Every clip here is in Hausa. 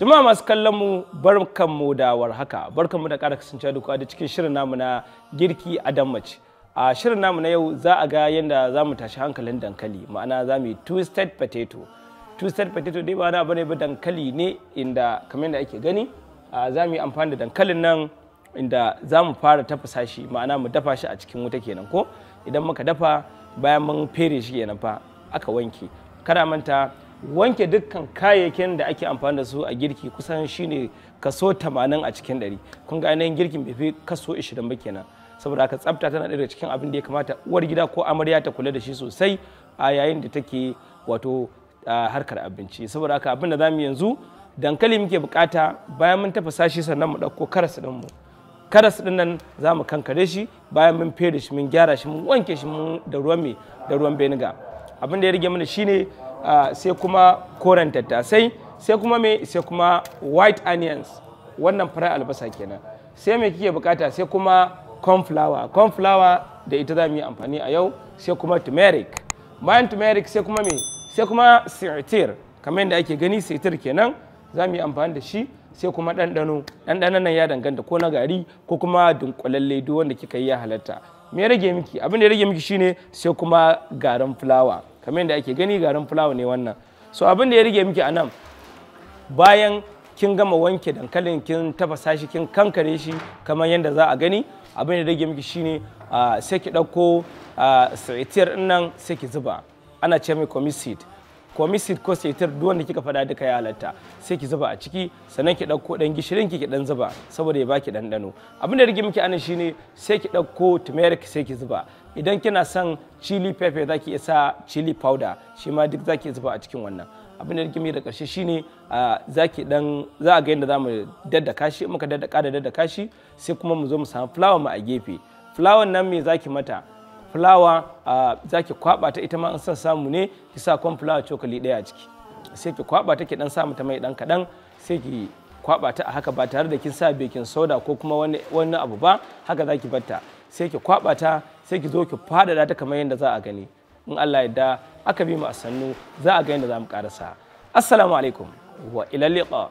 jama'a masu kallon mu mu da warhaka mu da ƙara kasancewa da da cikin shirin namu na girki a dammaci a shirin namu na yau za a ga yadda za mu tashi hankalin dankali ma'ana za mu yi twisted potato twisted potato dai ba na bane ba dankali ne inda kamar yadda ake gani za mu yi amfani da dankalin nan inda za mu fara tafasa shi ma'ana mu dafa shi a cikin wuta kenan ko idan muka dafa bayan mun fere shi kenan fa aka wanke kada manta wanke dukkan kayayyakin da ake amfani da su a girki kusan shine kaso 80 a cikin 100 kun ga ainihin girkin bai fi kaso 20 ba kenan saboda haka tsafta tana daga cikin abin da ya kamata uwar gida ko amarya ta kula da shi sosai a yayin da take wato harkar abinci saboda haka abin da za mu yanzu dankali muke bukata bayan mun tafasa shi sannan mu ɗauko karas ɗin mu karas ɗin nan za mu kankare shi bayan mun fere shi mun gyara shi mun wanke shi mun da ruwan me da ruwan beniga abin da ya rage mana shine Ah, sai kuma koren tattasai sai kuma me sai kuma white onions wannan farar albasa kenan sai me kike bukata sai kuma corn flour corn flour da ita za mu yi amfani a yau sai kuma turmeric bayan turmeric sai kuma me sai kuma sirtir kamar yadda ake gani sirtir kenan za mu yi amfani da shi sai kuma ɗanɗano ɗanɗanon nan ya danganta ko na gari ko kuma dunkulalle duk wanda kika yi ya halatta me rage miki abin da ya rage miki shine sai kuma garin flour kamar yadda ake gani garin fulawa ne wannan so abin da ya rige miki a nan bayan kin gama wanke dankalin kin tafasa shi kin kankare shi kamar yadda za a gani abin da rage miki shine sai ki ɗauko saitiyar nan sai ki zuba ana ce mai comisid comisid ko saitar duk wanda kika faɗa duka ya halatta sai ki zuba a ciki sannan ki ɗauko ɗan gishirin ki ɗan zuba saboda ya baki ɗanɗano abin da rage miki anan shine sai ki ɗauko turmeric sai ki zuba idan kina son chili pepper za ki sa chili powder shi ma duk za ki zuba a cikin wannan abin da rikimi da karshe shine za ki dan za a ga yadda za mu daddaka shi muka daddaka da daddaka shi sai kuma mu zo mu samu flour mu a gefe flour nan me za ki mata flour za ki kwaba ta ita ma in son samu ne ki sa kwan flour cokali daya a ciki sai ki kwaba ta ki dan samu ta mai dan kadan sai ki kwaba ta a haka ba tare da kin sa baking soda ko kuma wani abu ba haka za ki batta sai ki kwaba ta sai ki zo ki fadada ta kamar yadda za a gani in Allah yadda aka bi mu a sannu za a ga yadda za mu karasa assalamu alaikum wa ilal liqa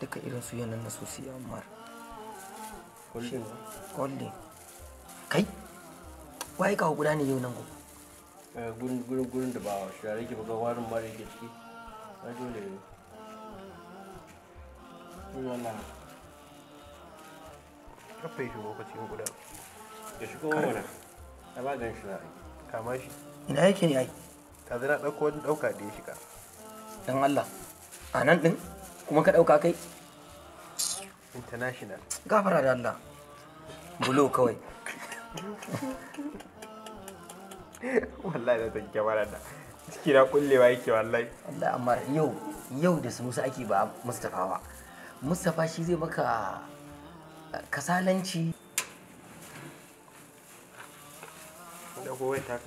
duka irin su yanan na sosai ammar kwalli kai waye kawo guda ne yau nan gobe Eh, gurin ke mara yake ciki ba dole ne kafa shigo guda ya shigo a ba gan shi na kama shi ina yake ne ai ta zira wani ɗauka da ya shiga Allah a nan ɗin kuma ka ɗauka kai international gafara da Allah bulo kawai wallahi da tanke marana ciki na kullewa yake wallahi wallahi amma yau yau da su musu ake ba mustafa ba mustafa shi zai maka eh, kasalanci da kowai taka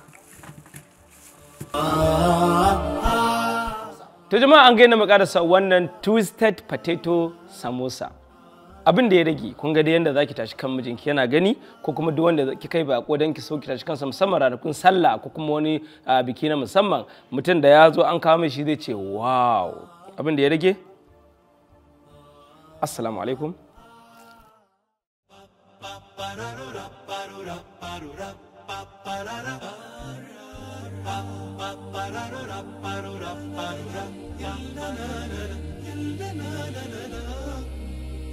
To jama'a an gaina mu karasa wannan twisted potato samosa. abin da ya rage kun ga da yanda zaki tashi kan mijinki yana gani ko kuma duk wanda ki kai bako dan ki so ki tashi kansa musamman ranakun sallah ko kuma wani ah, biki na musamman mutum da ya zo an kawo mai shi zai ce wow abin da ya rage assalamu alaikum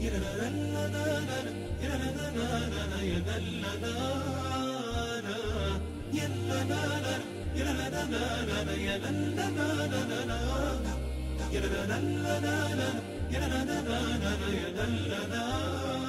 يا لا لا لا لا لا